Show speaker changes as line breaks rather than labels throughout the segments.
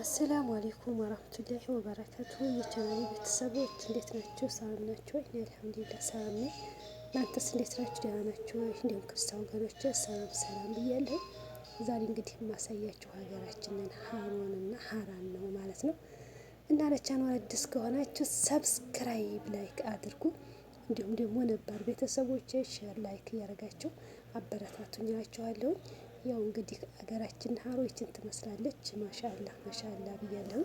አሰላሙ አሌይኩም ወራህመቱላሂ ወበረካቱ የቻናሌ ቤተሰቦች እንዴት ናቸው? ሰላም ናቸው ወይ? አልሐምዱሊላህ ሰላም ነኝ። እናንተስ እንዴት ናችሁ? ደህና ናችሁ እንዲሁም ክርስቲያን ወገኖች ሰላም ሰላም ብያለሁ። ዛሬ እንግዲህ የማሳያችሁ ሀገራችንን ሀሮንና ሀራን ነው ማለት ነው። እና ለቻናል አዲስ ከሆናችሁ ሰብስክራይብ ላይክ አድርጉ። እንዲሁም ደግሞ ነባር ቤተሰቦች ሼር ላይክ እያደረጋችሁ አበረታቱኝ እላችኋለሁ። ያው እንግዲህ ሀገራችን ሀሮችን ትመስላለች። ማሻላ ማሻላ ብያለሁ።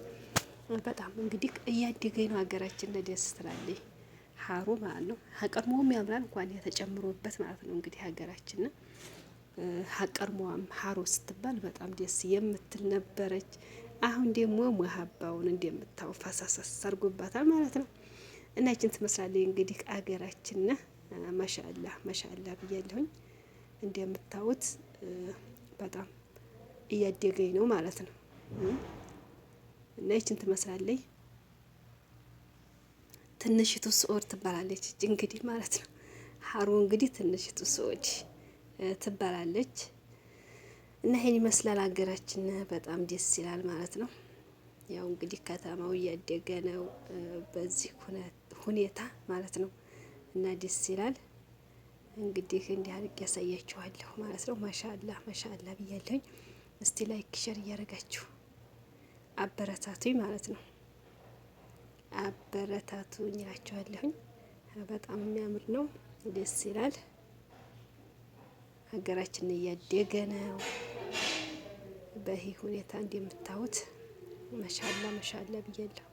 በጣም እንግዲህ እያደገ ነው ሀገራችን ደስ ትላለች። ሀሮ ማለት ነው። ሀቀርሞም ያምራል እንኳን የተጨምሮበት ማለት ነው። እንግዲህ ሀገራችን ሀቀርሞም ሀሮ ስትባል በጣም ደስ የምትል ነበረች። አሁን ደግሞ መሀባውን እንደምታው ፈሳሰስ አድርጎባታል ማለት ነው። እናችን ትመስላለች እንግዲህ አገራችን ነ ማሻላ ማሻአላህ ብያለሁኝ እንደምታዩት በጣም እያደገኝ ነው ማለት ነው። እና ይችን ትመስላለች። ትንሽቱ ስዑድ ትባላለች እንግዲህ ማለት ነው። ሀሩ እንግዲህ ትንሽቱ ስዑድ ትባላለች። እና ይሄን ይመስላል ሀገራችን፣ በጣም ደስ ይላል ማለት ነው። ያው እንግዲህ ከተማው እያደገ ነው በዚህ ሁኔታ ማለት ነው እና ደስ ይላል። እንግዲህ እንዲህ አድርግ ያሳያችኋለሁ ማለት ነው። ማሻአላ ማሻአላ ብያለሁኝ። እስቲ ላይክ ሸር እያደረጋችሁ አበረታቱኝ ማለት ነው። አበረታቱኝ እላችኋለሁኝ። በጣም የሚያምር ነው፣ ደስ ይላል። ሀገራችን እያደገ ነው። በይህ ሁኔታ እንደምታዩት ማሻአላ ማሻአላ ብያለሁ።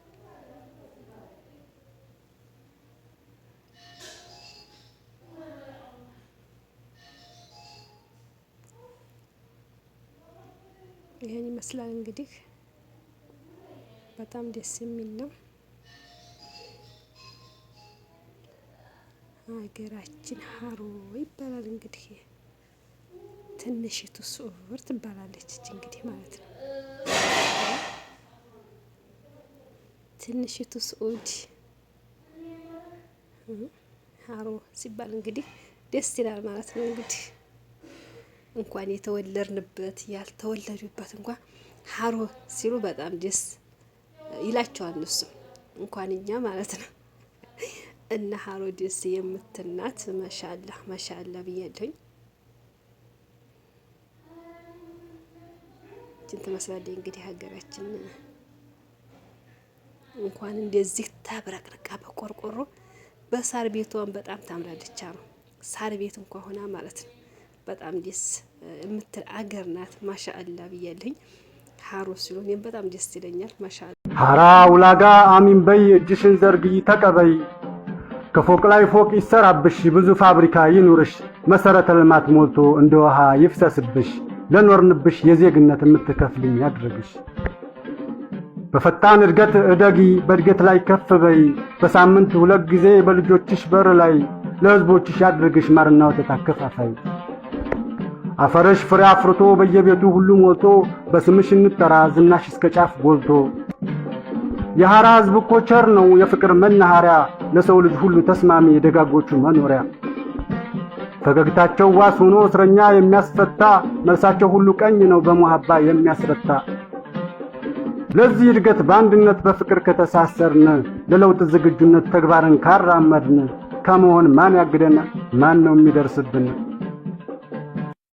ይህን ይመስላል እንግዲህ በጣም ደስ የሚል ነው። ሀገራችን ሀሮ ይባላል እንግዲህ ትንሽቱ ሱር ትባላለች እንግዲህ ማለት ነው። ትንሽቱ ስዑድ ሀሮ ሲባል እንግዲህ ደስ ይላል ማለት ነው እንግዲህ እንኳን የተወለድንበት ያልተወለዱበት እንኳ ሀሮ ሲሉ በጣም ደስ ይላቸዋል። እነሱ እንኳን እኛ ማለት ነው እና ሀሮ ደስ የምትናት መሻላ መሻላ ብያለኝ። ችን ትመስላለች እንግዲህ ሀገራችን እንኳን እንደዚህ ተብረቅርቃ በቆርቆሮ በሳር ቤቷን በጣም ታምራለች። አሩ ሳር ቤት እንኳ ሆና ማለት ነው በጣም ደስ የምትል አገር ናት። ማሻአላ ብያለኝ። ሀሮ ሲሆን ይህም በጣም ደስ ይለኛል። ማሻአላ
ሀራ ውላጋ አሚን በይ እጅሽን ዘርግይ ተቀበይ ከፎቅ ላይ ፎቅ ይሰራብሽ ብዙ ፋብሪካ ይኑርሽ መሰረተ ልማት ሞልቶ እንደ ውሃ ይፍሰስብሽ ለኖርንብሽ የዜግነት የምትከፍልኝ ያድርግሽ። በፈጣን እድገት እደጊ በእድገት ላይ ከፍ በይ በሳምንት ሁለት ጊዜ በልጆችሽ በር ላይ ለሕዝቦችሽ ያድርግሽ ማርና ወተት አከፋፋይ። አፈረሽ ፍሬ አፍርቶ በየቤቱ ሁሉ ሞልቶ በስምሽ እንጠራ ዝናሽ እስከ ጫፍ ጎልቶ። የሐራ ሕዝብ እኮ ቸር ነው የፍቅር መናኸሪያ ለሰው ልጅ ሁሉ ተስማሚ የደጋጎቹ መኖሪያ። ፈገግታቸው ዋስ ሆኖ እስረኛ የሚያስፈታ መልሳቸው ሁሉ ቀኝ ነው በሙሃባ የሚያስረታ። ለዚህ እድገት በአንድነት በፍቅር ከተሳሰርን ለለውጥ ዝግጁነት ተግባርን ካራመድን ከመሆን ማን ያግደን? ማን ነው የሚደርስብን?